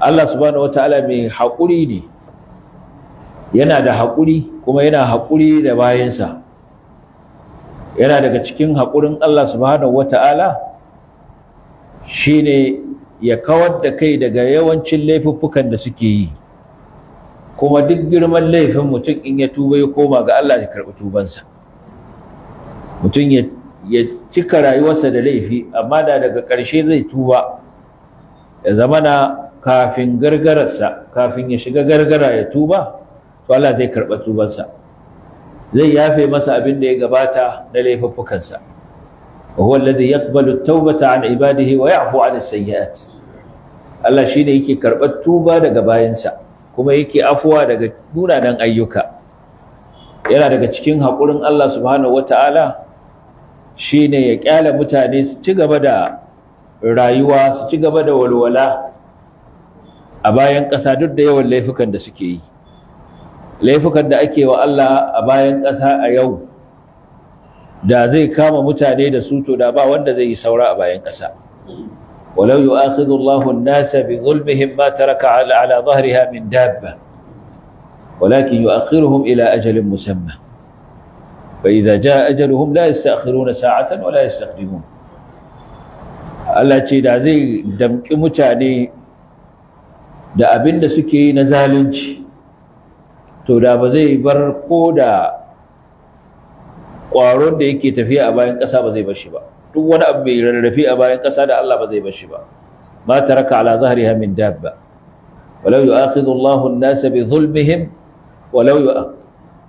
Allah subhanahu wataala mai haƙuri ne yana da haƙuri kuma yana haƙuri da bayansa yana daga cikin haƙurin Allah subhanahu wataala shine ya kawar da kai daga yawancin laifuffukan da suke yi kuma duk girman laifin mutum in ya tuba ya koma ga Allah ya karɓi tubansa mutum ya cika rayuwarsa da laifi amma da daga ƙarshe zai tuba ya zamana kafin gargararsa kafin ya shiga gargara ya tuba to Allah zai karɓa tubansa zai yafe masa abin da ya gabata na laifuffukansa wa huwa alladhi yaqbalu at-taubata an ibadihi wa ya'fu 'an as-sayyi'at Allah shine yake karɓar tuba daga bayansa kuma yake afuwa daga munanan ayyuka yana daga cikin haƙurin Allah subhanahu wata'ala shine ya kyale mutane su ci gaba da rayuwa su ci gaba da walwala a bayan ƙasa duk da yawan laifukan da suke yi laifukan da ake wa Allah a bayan ƙasa a yau da zai kama mutane da su to da ba wanda zai yi saura a bayan ƙasa walau yu'akhidhu Allahu an-nasa bi zulmihim ma taraka ala, ala dhahriha min dabba walakin yu'akhiruhum ila ajalin musamma fa idza jaa ajaluhum la yasta'khiruna sa'atan wa la yastaqdimun Allah ce da zai damƙi mutane da abin da suke yi na zalunci to da ba zai bar ko da ƙwaron da yake tafiya a bayan ƙasa ba zai bar shi ba duk wani abu mai rarrafe a bayan ƙasa da Allah ba zai bar shi ba ma taraka ala zahriha min dabba walau yu'akhidhu Allahu an-nasa bi dhulmihim walau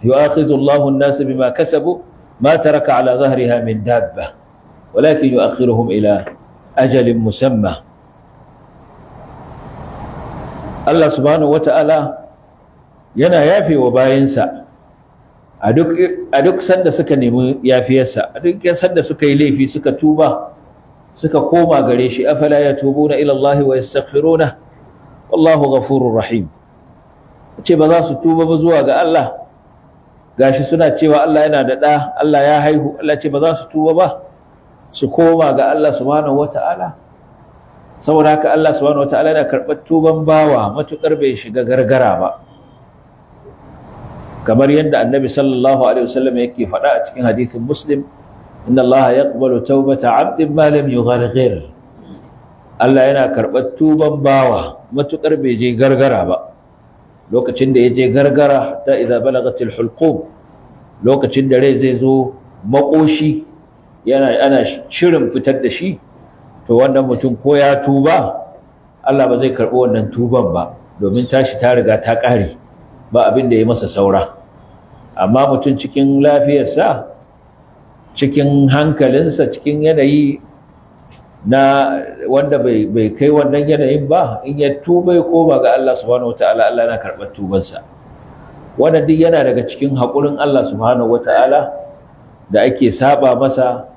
yu'akhidhu Allahu an-nasa bima kasabu ma taraka ala zahriha min dabba walakin yu'akhiruhum ila ajalin musamma Allah subhanahu wata'ala yana yafe wa bayansa a duk sanda suka nemi yafiyarsa a duk sanda suka yi laifi suka tuba suka koma gare shi afala yatubuna ila Allah wa yastaghfiruna wallahu ghafurur rahim ce ba za su tuba ba zuwa ga Allah gashi suna cewa Allah yana da ɗa Allah ya haihu Allah ce ba za su tuba ba su koma ga Allah subhanahu wata'ala saboda haka Allah subhanahu wataala yana karɓar tuban bawa matukar bai shiga gargara ba kamar yadda annabi sallallahu alaihi wasallam yake faɗa a cikin hadithin muslim inna Allah yaqbalu tawbata 'abdin ma lam yugharghir Allah yana karɓar tuban bawa matukar bai je gargara ba lokacin da ya je gargara ta idza balagatil hulqum lokacin da rai zai zo makoshi yana ana shirin fitar da shi to wannan mutum ko ya tuba Allah ba zai karɓi wannan tuban ba domin tashi ta riga ta kare ba abin da ya masa saura amma mutum cikin lafiyarsa cikin hankalinsa cikin yanayi na wanda bai kai wannan yanayin ba in ya tuba ya koma ga Allah subhanahu wataala Allah yana karɓar tubansa wannan duk yana daga cikin haƙurin Allah subhanahu wataala da ake saba masa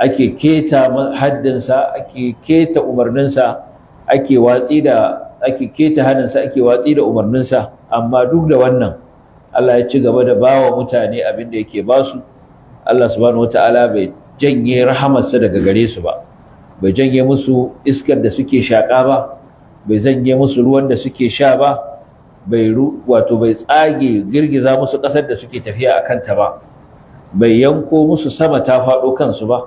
ake keta haddinsa ake keta umarninsa ake watsi da ake keta haddinsa ake watsi da umarninsa amma duk da wannan Allah ya ci gaba da bawa mutane abin da yake basu Allah subhanahu wataala bai janye rahamarsa daga gare su ba bai janye musu iskar da suke shaƙa ba bai janye musu ruwan da suke sha ba bai wato bai tsage girgiza musu ƙasar da suke tafiya a kanta ba bai yanko musu sama ta faɗo kansu ba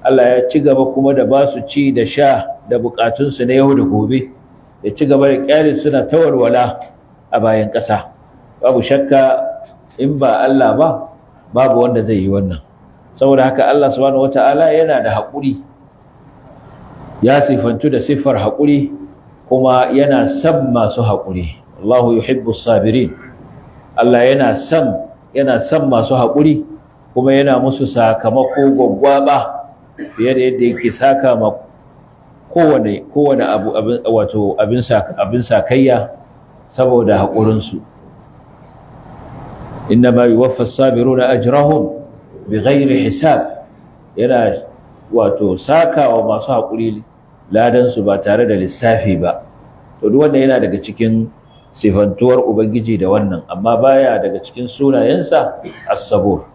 Allah ya ci gaba kuma da basu ci da sha da bukatunsu na yau da gobe ya ci gaba da kyalin suna tawarwala a bayan ƙasa babu shakka in ba Allah ba babu wanda zai yi wannan saboda haka Allah subhanahu wata'ala yana da haƙuri ya sifantu da siffar haƙuri kuma yana san masu haƙuri Allahu yuhibbu sabirin Allah yana san yana san masu haƙuri kuma yana musu sakamako ba. fiye da yadda yake saka ma kowane kowane abu abin wato abin abin sakayya saboda haƙurinsu ma yuwaffa as-sabiruna ajrahum bighairi hisab yana wato sakawa masu haƙuri ladan su ba tare da lissafi ba to duk wanda yana daga cikin sifantuwar ubangiji da wannan amma baya daga cikin sunayensa as-sabur